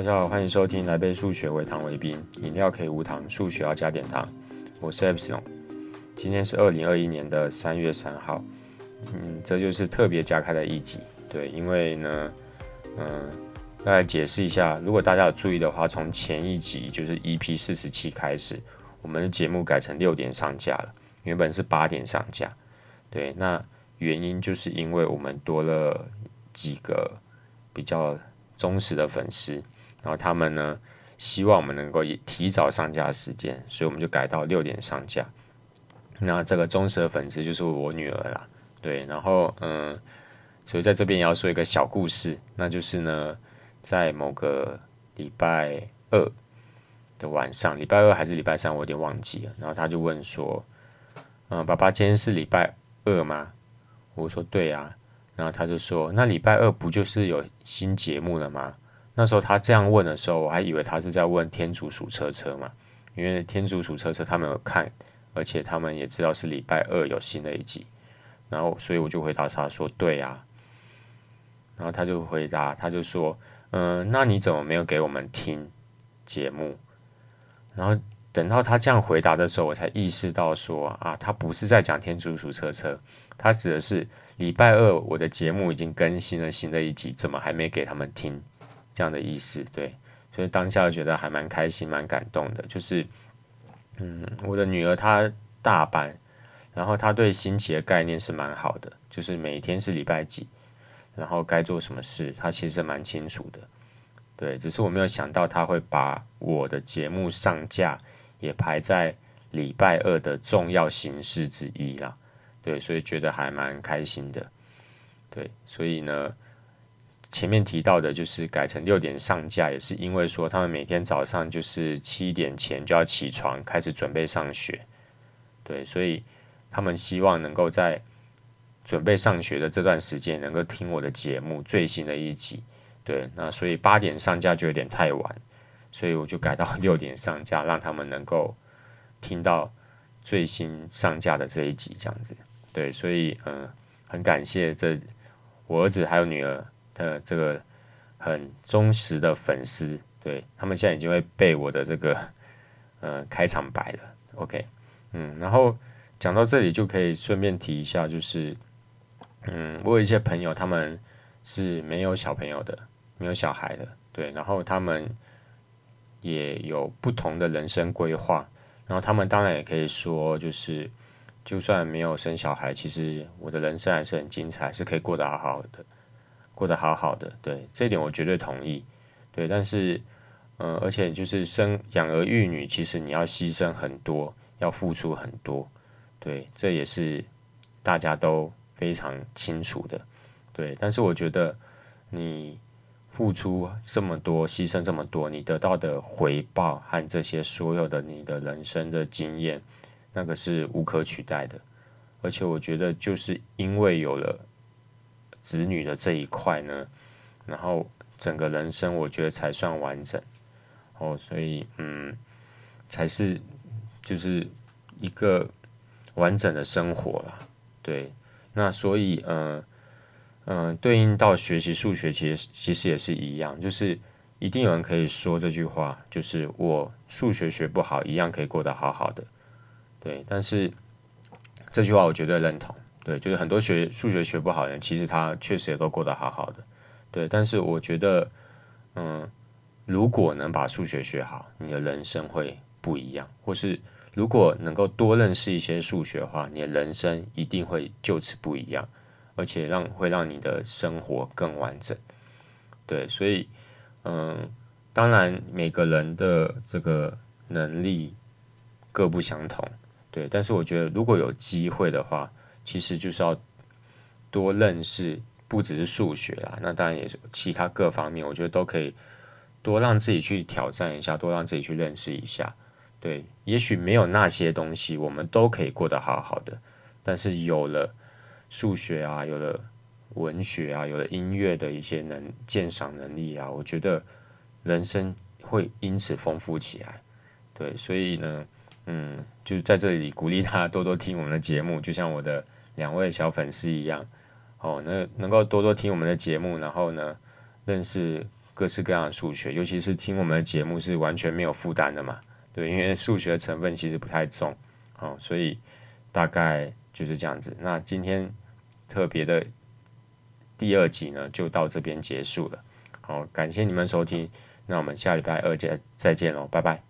大家好，歡迎收聽來杯數學微糖微冰，飲料可以無糖，數學要加點糖。我是 Epsilon。今天是二零二一年的三月三號，嗯，這就是特別加開的一集，對，因為呢，嗯，再來解釋一下，如果大家有注意的話，從前一集就是 EP 四十七開始，我們的節目改成六點上架了，原本是八點上架，對，那原因就是因為我們多了幾個比較忠實的粉絲。然後他們呢，希望我們能夠也提早上架的時間，所以我們就改到六點上架。那這個忠實的粉絲就是我女兒啦，對。然後，嗯，所以在這邊也要說一個小故事，那就是呢，在某個禮拜二的晚上，禮拜二還是禮拜三，我有點忘記了。然後他就問說：“嗯，爸爸，今天是禮拜二嗎？”我說：“對啊。”然後他就說：“那禮拜二不就是有新節目了嗎？”那時候他這樣問的時候，我還以為他是在問《天竺鼠車車》嘛，因為《天竺鼠車車》他們有看，而且他們也知道是禮拜二有新的一集，然後所以我就回答他說：“對啊”，然後他就回答，他就說：“嗯、呃，那你怎麼沒有給我們聽節目？”然後等到他這樣回答的時候，我才意識到說：“啊，他不是在講《天竺鼠車車》，他指的是禮拜二我的節目已經更新了新的一集，怎麼還沒給他們聽？”這樣的意思，對，所以當下覺得還蠻開心、蠻感動的。就是，嗯，我的女兒她大班，然後她對星期的概念是蠻好的，就是每天是禮拜幾，然後該做什麼事，她其實蠻清楚的。對，只是我沒有想到她會把我的節目上架也排在禮拜二的重要形式之一啦。對，所以覺得還蠻開心的。對，所以呢。前面提到的，就是改成六點上架，也是因為說他們每天早上就是七點前就要起床，開始準備上學，對，所以他們希望能夠在準備上學的這段時間，能夠聽我的節目最新的一集，對，那所以八點上架就有點太晚，所以我就改到六點上架，讓他們能夠聽到最新上架的這一集，這樣子，對，所以嗯、呃，很感謝這我兒子還有女兒。呃，這個很忠實的粉絲，對，他們現在已經會背我的這個嗯、呃、開場白了。OK，嗯，然後講到這裡就可以順便提一下，就是嗯，我有一些朋友，他們是沒有小朋友的，沒有小孩的，對，然後他們也有不同的人生規劃，然後他們當然也可以說，就是就算沒有生小孩，其實我的人生還是很精彩，是可以過得好好的。過得好好的，對這一點我絕對同意。對，但是，嗯、呃，而且就是生養兒育女，其實你要犧牲很多，要付出很多。對，這也是大家都非常清楚的。對，但是我覺得你付出這麼多，犧牲這麼多，你得到的回報和這些所有的你的人生的經驗，那個是無可取代的。而且我覺得，就是因為有了。子女的這一塊呢，然後整個人生我覺得才算完整哦，所以嗯，才是就是一個完整的生活了，對。那所以嗯嗯、呃呃，對應到學習數學，其實其實也是一樣，就是一定有人可以說這句話，就是我數學學不好，一樣可以過得好好的，對。但是這句話我絕對認同。對，就是很多學數學學不好的人，其實他確實也都過得好好的，對。但是我覺得，嗯，如果能把數學學好，你的人生會不一樣，或是如果能夠多認識一些數學的話，你的人生一定會就此不一樣，而且讓會讓你的生活更完整。對，所以，嗯，當然，每個人的這個能力各不相同，對。但是我覺得，如果有機會的話，其實就是要多認識，不只是數學啦，那當然也是其他各方面，我覺得都可以多讓自己去挑戰一下，多讓自己去認識一下。對，也許沒有那些東西，我們都可以過得好好的。但是有了數學啊，有了文學啊，有了音樂的一些能鑑賞能力啊，我覺得人生會因此豐富起來。對，所以呢，嗯，就在這裡鼓勵大家多多聽我們的節目，就像我的。兩位小粉絲一樣哦，那能夠多多聽我們的節目，然後呢，認識各式各樣的數學，尤其是聽我們的節目是完全沒有負擔的嘛？對，因為數學成分其實不太重，哦，所以大概就是這樣子。那今天特別的第二集呢，就到這邊結束了。好、哦，感謝你們收聽，那我們下禮拜二見、呃，再見嘍，拜拜。